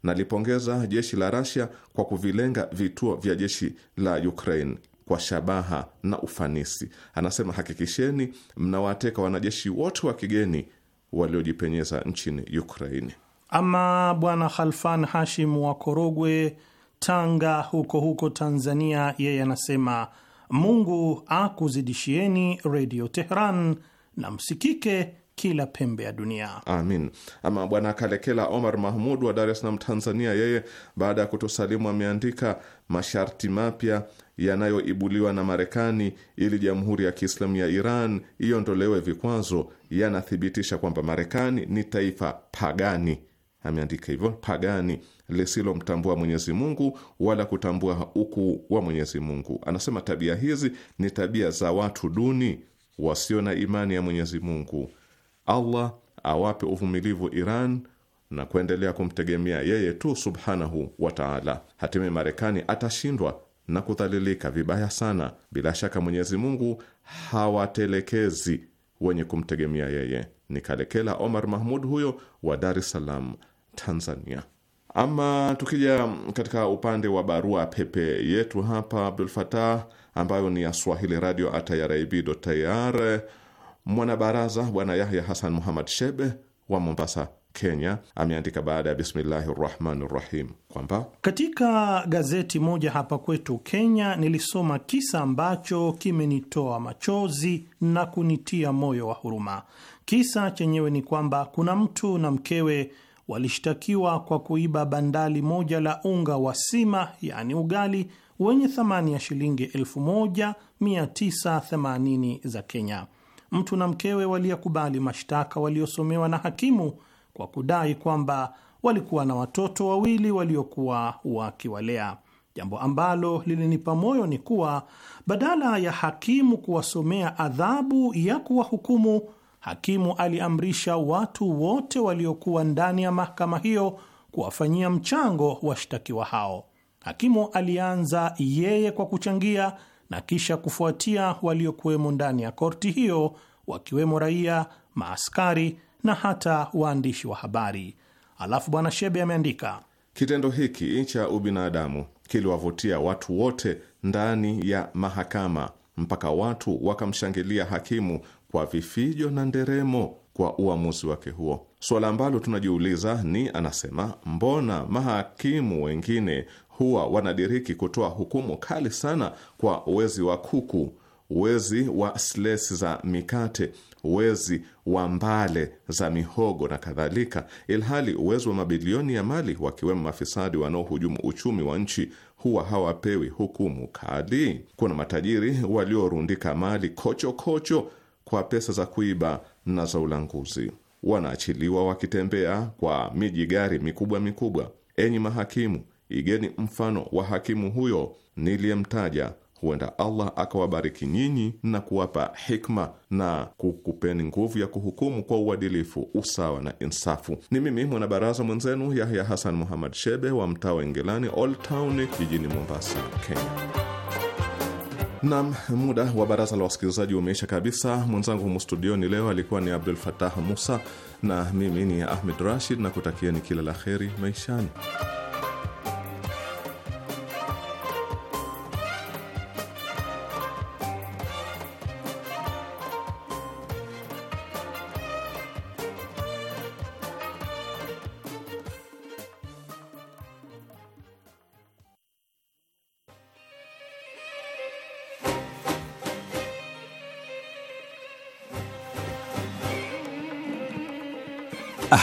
Nalipongeza jeshi la Rasia kwa kuvilenga vituo vya jeshi la Ukraine kwa shabaha na ufanisi. Anasema hakikisheni mnawateka wanajeshi wote wa kigeni waliojipenyeza nchini Ukraine. Ama bwana Khalfan Hashim wa Korogwe, Tanga, huko huko Tanzania, yeye anasema Mungu akuzidishieni Redio Tehran na msikike kila pembe ya dunia amin. Ama bwana Kalekela Omar Mahmud wa Dar es Salaam, Tanzania, yeye baada ya kutosalimu ameandika masharti mapya yanayoibuliwa na Marekani ili Jamhuri ya Kiislamu ya Iran iondolewe vikwazo yanathibitisha kwamba Marekani ni taifa pagani ameandika hivyo pagani lisilomtambua Mwenyezi Mungu wala kutambua ukuu wa Mwenyezi Mungu. Anasema tabia hizi ni tabia za watu duni wasio na imani ya Mwenyezi Mungu. Allah awape uvumilivu Iran na kuendelea kumtegemea yeye tu subhanahu wa taala. Hatimaye Marekani atashindwa na kudhalilika vibaya sana. Bila shaka Mwenyezi Mungu hawatelekezi wenye kumtegemea yeye. Ni Kalekela Omar Mahmud huyo wa Dar es Salaam. Tanzania. Ama tukija katika upande wa barua pepe yetu hapa Abdul Fatah, ambayo ni ya Swahili radio atiribir, mwanabaraza Bwana Yahya Hasan Muhammad Shebe wa Mombasa Kenya ameandika baada ya bismillahi rahmani rahim kwamba katika gazeti moja hapa kwetu Kenya nilisoma kisa ambacho kimenitoa machozi na kunitia moyo wa huruma. Kisa chenyewe ni kwamba kuna mtu na mkewe walishtakiwa kwa kuiba bandali moja la unga wa sima, yani ugali wenye thamani ya shilingi 1980 za Kenya. Mtu na mkewe waliyakubali mashtaka waliosomewa na hakimu kwa kudai kwamba walikuwa na watoto wawili waliokuwa wakiwalea. Jambo ambalo lilinipa moyo ni kuwa badala ya hakimu kuwasomea adhabu ya kuwahukumu hakimu aliamrisha watu wote waliokuwa ndani ya mahakama hiyo kuwafanyia mchango washtakiwa hao. Hakimu alianza yeye kwa kuchangia na kisha kufuatia waliokuwemo ndani ya korti hiyo, wakiwemo raia, maaskari na hata waandishi wa habari. Alafu Bwana Shebe ameandika, kitendo hiki cha ubinadamu kiliwavutia watu wote ndani ya mahakama mpaka watu wakamshangilia hakimu kwa vifijo na nderemo kwa uamuzi wake huo. Suala ambalo tunajiuliza ni anasema, mbona mahakimu wengine huwa wanadiriki kutoa hukumu kali sana kwa wezi wa kuku, wezi wa slesi za mikate, wezi wa mbale za mihogo na kadhalika, ilhali uwezi wa mabilioni ya mali wakiwemo mafisadi wanaohujumu uchumi wa nchi huwa hawapewi hukumu kali? Kuna matajiri waliorundika mali kochokocho kocho kwa pesa za kuiba na za ulanguzi. Wanaachiliwa wakitembea kwa miji gari mikubwa mikubwa. Enyi mahakimu, igeni mfano wa hakimu huyo niliyemtaja, huenda Allah akawabariki nyinyi na kuwapa hikma na kukupeni nguvu ya kuhukumu kwa uadilifu, usawa na insafu. Ni mimi mwanabaraza mwenzenu Yahya Hasan Muhammad Shebe wa mtaa wa Ingilani, Old Town, jijini Mombasa, Kenya. Nam, muda wa baraza la wasikilizaji umeisha kabisa. Mwenzangu humu studioni leo alikuwa ni Abdul Fatah Musa na mimi ni Ahmed Rashid, na kutakieni kila la kheri maishani.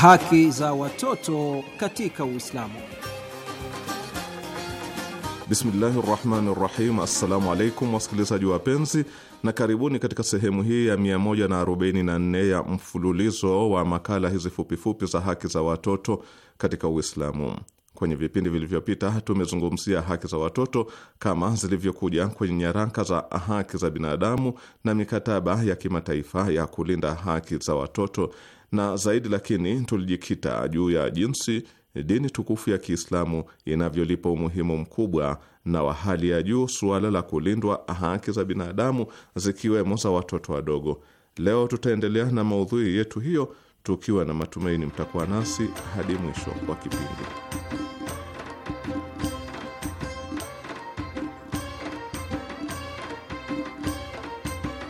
Haki za watoto katika Uislamu. Bismillahi rahmani rahim. Assalamu alaikum wasikilizaji wapenzi, na karibuni katika sehemu hii ya 144 ya mfululizo wa makala hizi fupifupi za haki za watoto katika Uislamu. Kwenye vipindi vilivyopita tumezungumzia haki za watoto kama zilivyokuja kwenye nyaraka za haki za binadamu na mikataba ya kimataifa ya kulinda haki za watoto na zaidi, lakini tulijikita juu ya jinsi dini tukufu ya Kiislamu inavyolipa umuhimu mkubwa na wa hali ya juu suala la kulindwa haki za binadamu zikiwemo za watoto wadogo. Leo tutaendelea na maudhui yetu hiyo, tukiwa na matumaini mtakuwa nasi hadi mwisho wa kipindi.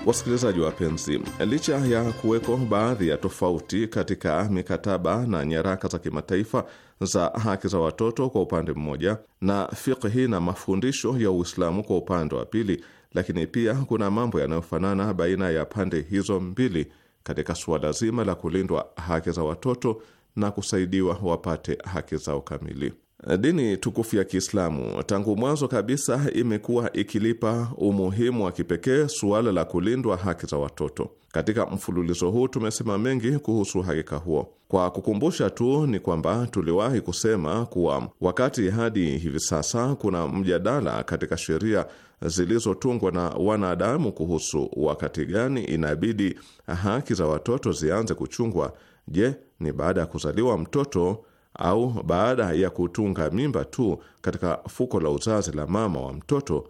Wasikilizaji wapenzi, licha ya kuweko baadhi ya tofauti katika mikataba na nyaraka za kimataifa za haki za watoto kwa upande mmoja, na fikhi na mafundisho ya Uislamu kwa upande wa pili, lakini pia kuna mambo yanayofanana baina ya pande hizo mbili katika suala zima la kulindwa haki za watoto na kusaidiwa wapate haki zao kamili. Dini tukufu ya Kiislamu tangu mwanzo kabisa imekuwa ikilipa umuhimu wa kipekee suala la kulindwa haki za watoto. Katika mfululizo huu tumesema mengi kuhusu uhakika huo. Kwa kukumbusha tu, ni kwamba tuliwahi kusema kuwa wakati hadi hivi sasa kuna mjadala katika sheria zilizotungwa na wanadamu kuhusu wakati gani inabidi haki za watoto zianze kuchungwa. Je, ni baada ya kuzaliwa mtoto au baada ya kutunga mimba tu katika fuko la uzazi la mama wa mtoto,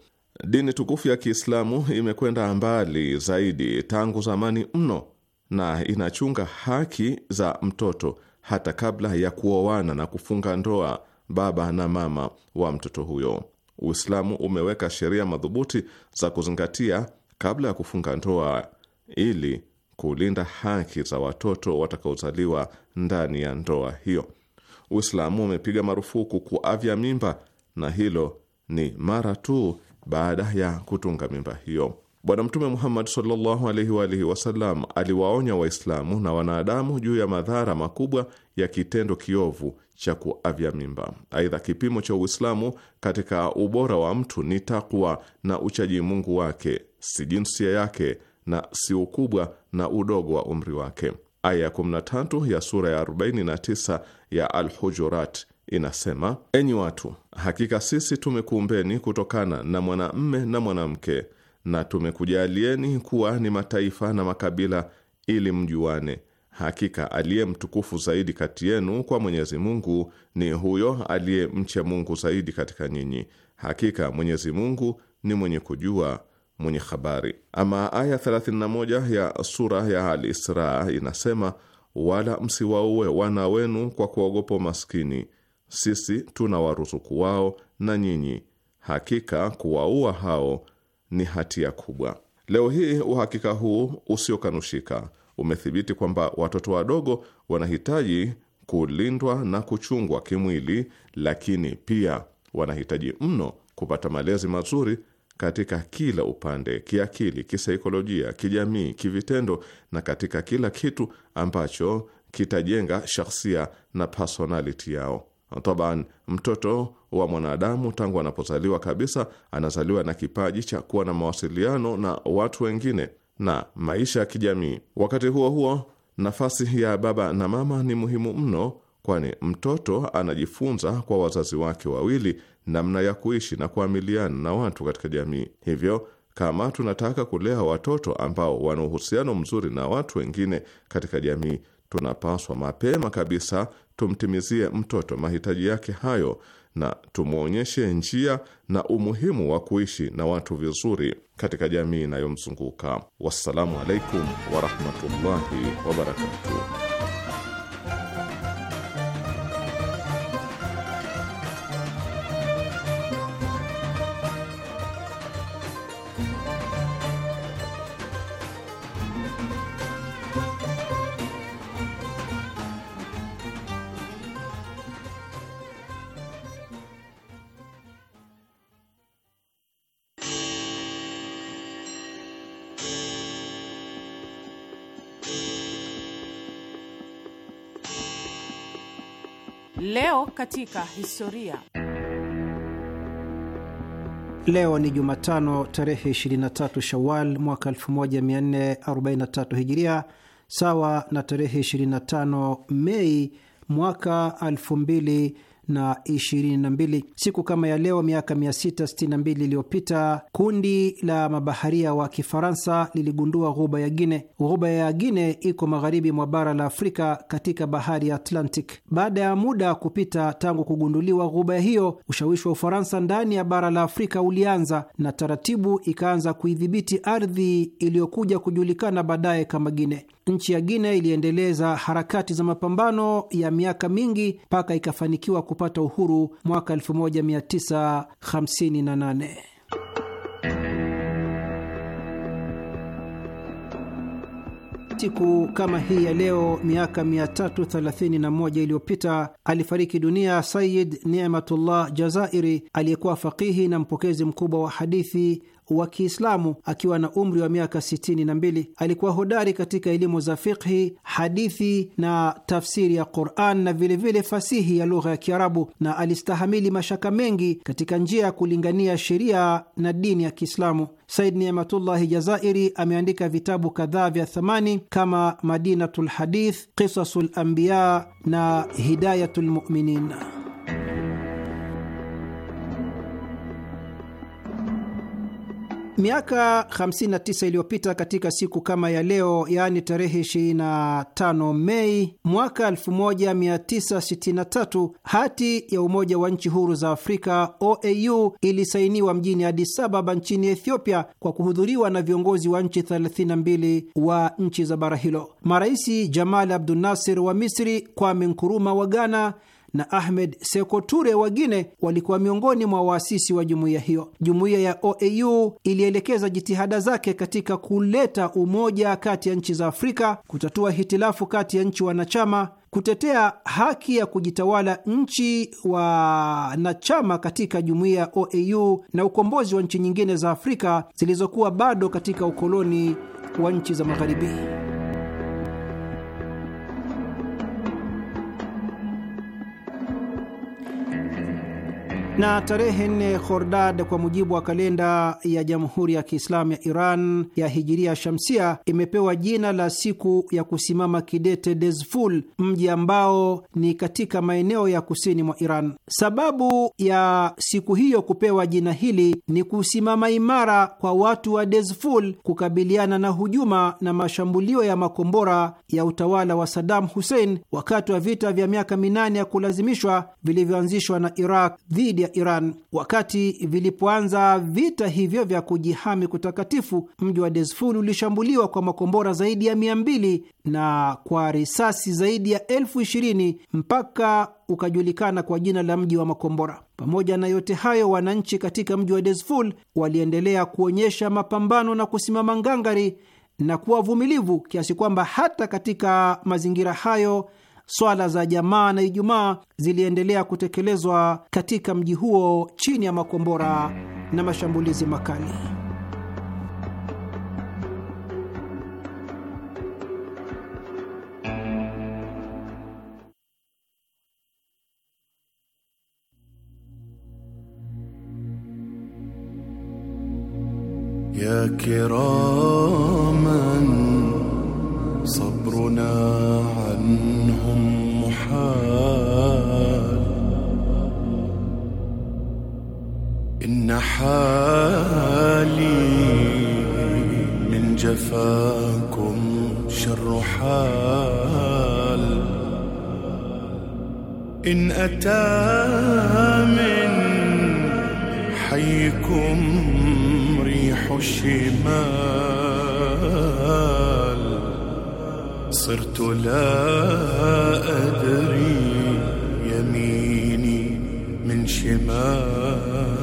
dini tukufu ya Kiislamu imekwenda mbali zaidi tangu zamani mno na inachunga haki za mtoto hata kabla ya kuoana na kufunga ndoa baba na mama wa mtoto huyo. Uislamu umeweka sheria madhubuti za kuzingatia kabla ya kufunga ndoa ili kulinda haki za watoto watakaozaliwa ndani ya ndoa hiyo. Uislamu umepiga marufuku kuavya mimba na hilo ni mara tu baada ya kutunga mimba hiyo. Bwana Mtume Muhammad sallallahu alaihi wa alihi wasallam aliwaonya Waislamu na wanadamu juu ya madhara makubwa ya kitendo kiovu cha kuavya mimba. Aidha, kipimo cha Uislamu katika ubora wa mtu ni takwa na uchaji Mungu wake, si jinsia yake na si ukubwa na udogo wa umri wake aya ya 13 ya sura ya 49 ya Al-Hujurat inasema: enyi watu, hakika sisi tumekuumbeni kutokana na mwanamme na mwanamke na tumekujalieni kuwa ni mataifa na makabila ili mjuane. Hakika aliye mtukufu zaidi kati yenu kwa Mwenyezi Mungu ni huyo aliye mcha Mungu zaidi katika nyinyi. Hakika Mwenyezi Mungu ni mwenye kujua mwenye habari. Ama aya 31 ya sura ya Al-Isra inasema, wala msiwaue wana wenu kwa kuogopa maskini, sisi tuna waruzuku wao na nyinyi, hakika kuwaua hao ni hatia kubwa. Leo hii uhakika huu usiokanushika umethibiti kwamba watoto wadogo wanahitaji kulindwa na kuchungwa kimwili, lakini pia wanahitaji mno kupata malezi mazuri katika kila upande, kiakili, kisaikolojia, kijamii, kivitendo na katika kila kitu ambacho kitajenga shakhsia na personality yao. Taban, mtoto wa mwanadamu tangu anapozaliwa kabisa anazaliwa na kipaji cha kuwa na mawasiliano na watu wengine na maisha ya kijamii. Wakati huo huo, nafasi ya baba na mama ni muhimu mno kwani mtoto anajifunza kwa wazazi wake wawili namna ya kuishi na kuamiliana na watu katika jamii. Hivyo, kama tunataka kulea watoto ambao wana uhusiano mzuri na watu wengine katika jamii, tunapaswa mapema kabisa tumtimizie mtoto mahitaji yake hayo na tumwonyeshe njia na umuhimu wa kuishi na watu vizuri katika jamii inayomzunguka. Wassalamu alaikum warahmatullahi wabarakatuh. Leo katika historia. Leo ni Jumatano tarehe 23 Shawal mwaka 1443 Hijiria, sawa na tarehe 25 Mei mwaka 2000 na 22. Siku kama ya leo miaka 662 iliyopita kundi la mabaharia wa Kifaransa liligundua ghuba ya Gine. Ghuba ya Gine iko magharibi mwa bara la Afrika katika bahari ya Atlantic. Baada ya muda kupita tangu kugunduliwa ghuba hiyo, ushawishi wa Ufaransa ndani ya bara la Afrika ulianza na taratibu ikaanza kuidhibiti ardhi iliyokuja kujulikana baadaye kama Gine nchi ya Guinea iliendeleza harakati za mapambano ya miaka mingi mpaka ikafanikiwa kupata uhuru mwaka 1958. Siku kama hii ya leo miaka 331 iliyopita alifariki dunia Sayid Nematullah Jazairi, aliyekuwa fakihi na mpokezi mkubwa wa hadithi wa Kiislamu akiwa na umri wa miaka sitini na mbili. Alikuwa hodari katika elimu za fiqhi, hadithi na tafsiri ya Quran na vilevile vile fasihi ya lugha ya Kiarabu, na alistahamili mashaka mengi katika njia ya kulingania sheria na dini ya Kiislamu. Said Niamatullahi Jazairi ameandika vitabu kadhaa vya thamani kama Madinatu lhadith, Qisasu lambiya na Hidayatu lmuminin. Miaka 59 iliyopita katika siku kama ya leo, yaani tarehe 25 Mei mwaka 1963, hati ya Umoja wa Nchi Huru za Afrika OAU ilisainiwa mjini Addis Ababa nchini Ethiopia kwa kuhudhuriwa na viongozi wa nchi 32 wa nchi za bara hilo, maraisi Jamal Nasir wa Misri, Kwame Nkuruma wa Ghana, na Ahmed sekoture wa wengine walikuwa miongoni mwa waasisi wa jumuiya hiyo. Jumuiya ya OAU ilielekeza jitihada zake katika kuleta umoja kati ya nchi za Afrika, kutatua hitilafu kati ya nchi wanachama kutetea haki ya kujitawala nchi wanachama katika jumuiya ya OAU na ukombozi wa nchi nyingine za Afrika zilizokuwa bado katika ukoloni wa nchi za Magharibi. na tarehe nne Khordad kwa mujibu wa kalenda ya Jamhuri ya Kiislamu ya Iran ya hijiria shamsia imepewa jina la siku ya kusimama kidete Dezful, mji ambao ni katika maeneo ya kusini mwa Iran. Sababu ya siku hiyo kupewa jina hili ni kusimama imara kwa watu wa Dezful kukabiliana na hujuma na mashambulio ya makombora ya utawala wa Saddam Hussein wakati wa vita vya miaka minane ya kulazimishwa vilivyoanzishwa na Iraq dhidi ya Iran. Wakati vilipoanza vita hivyo vya kujihami kutakatifu, mji wa Desfur ulishambuliwa kwa makombora zaidi ya mia mbili na kwa risasi zaidi ya elfu ishirini mpaka ukajulikana kwa jina la mji wa makombora. Pamoja na yote hayo, wananchi katika mji wa Desfur waliendelea kuonyesha mapambano na kusimama ngangari na kuwa vumilivu kiasi kwamba hata katika mazingira hayo swala za jamaa na Ijumaa ziliendelea kutekelezwa katika mji huo chini ya makombora na mashambulizi makali. Ya kiraman sabruna نحالي من جفاكم شر حال إن أتى من حيكم ريح الشمال صرت لا أدري يميني من شمال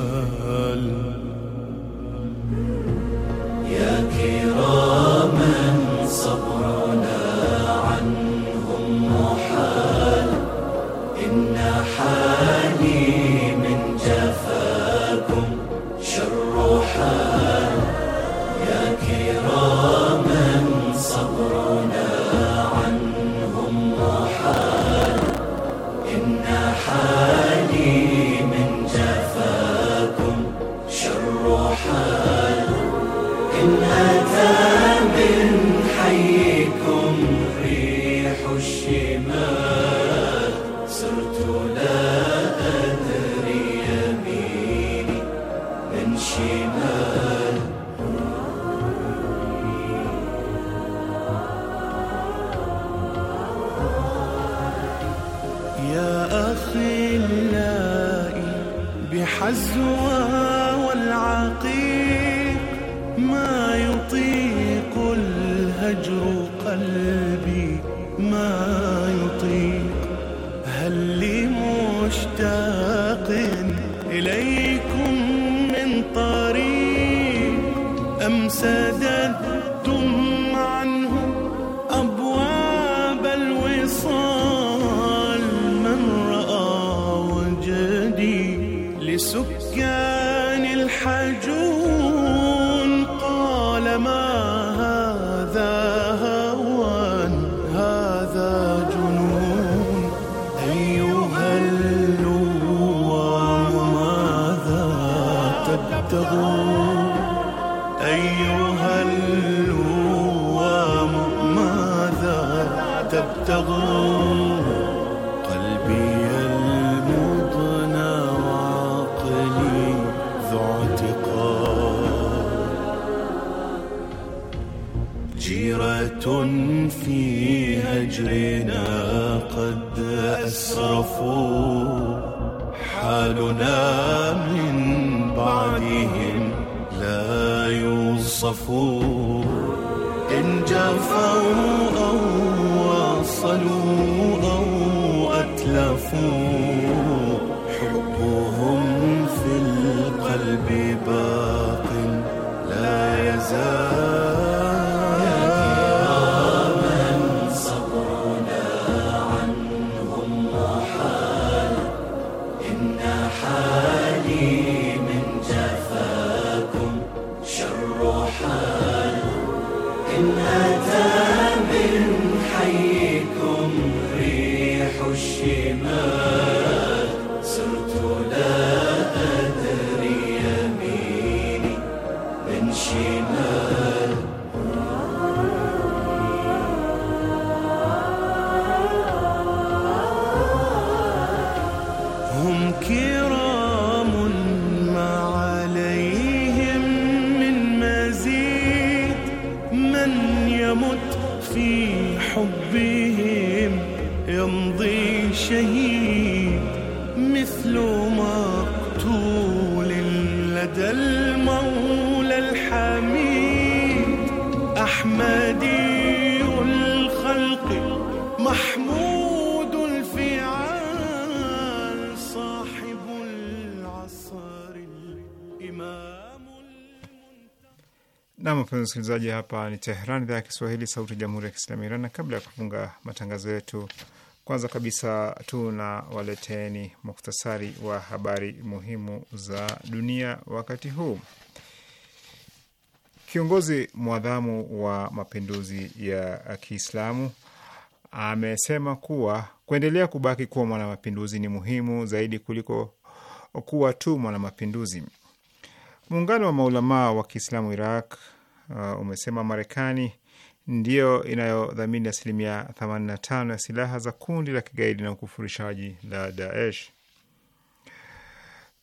desert. msikilizaji, hapa ni Tehran, idhaa ya Kiswahili, sauti ya jamhuri ya kiislamu Iran. Na kabla ya kufunga matangazo yetu, kwanza kabisa tuna waleteni muktasari wa habari muhimu za dunia wakati huu. Kiongozi mwadhamu wa mapinduzi ya Kiislamu amesema kuwa kuendelea kubaki kuwa mwanamapinduzi ni muhimu zaidi kuliko kuwa tu mwanamapinduzi. Muungano wa maulamaa wa Kiislamu Iraq uh, umesema Marekani ndiyo inayodhamini asilimia 85 ya silaha za kundi la kigaidi na ukufurishaji la Daesh.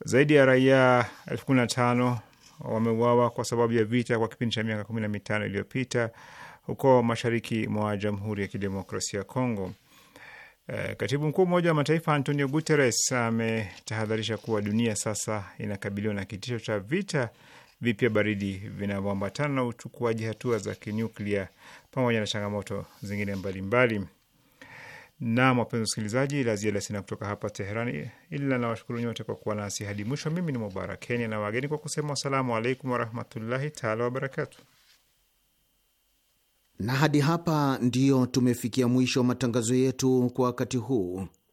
Zaidi ya raia elfu kumi na tano wameuawa kwa sababu ya vita kwa kipindi cha miaka kumi na mitano iliyopita huko mashariki mwa Jamhuri ya Kidemokrasia ya Kongo. E, katibu mkuu Umoja wa Mataifa Antonio Guterres ametahadharisha kuwa dunia sasa inakabiliwa na kitisho cha vita vipya baridi vinavyoambatana na uchukuaji hatua za kinyuklia pamoja na changamoto zingine mbalimbali Na wapenzi wasikilizaji, la ziada sina kutoka hapa Teherani, ila nawashukuru nyote kwa kuwa nasi hadi mwisho. Mimi ni Mubarak Kenya na wageni kwa kusema wasalamu alaikum warahmatullahi taala wabarakatu. Na hadi hapa ndiyo tumefikia mwisho wa matangazo yetu kwa wakati huu.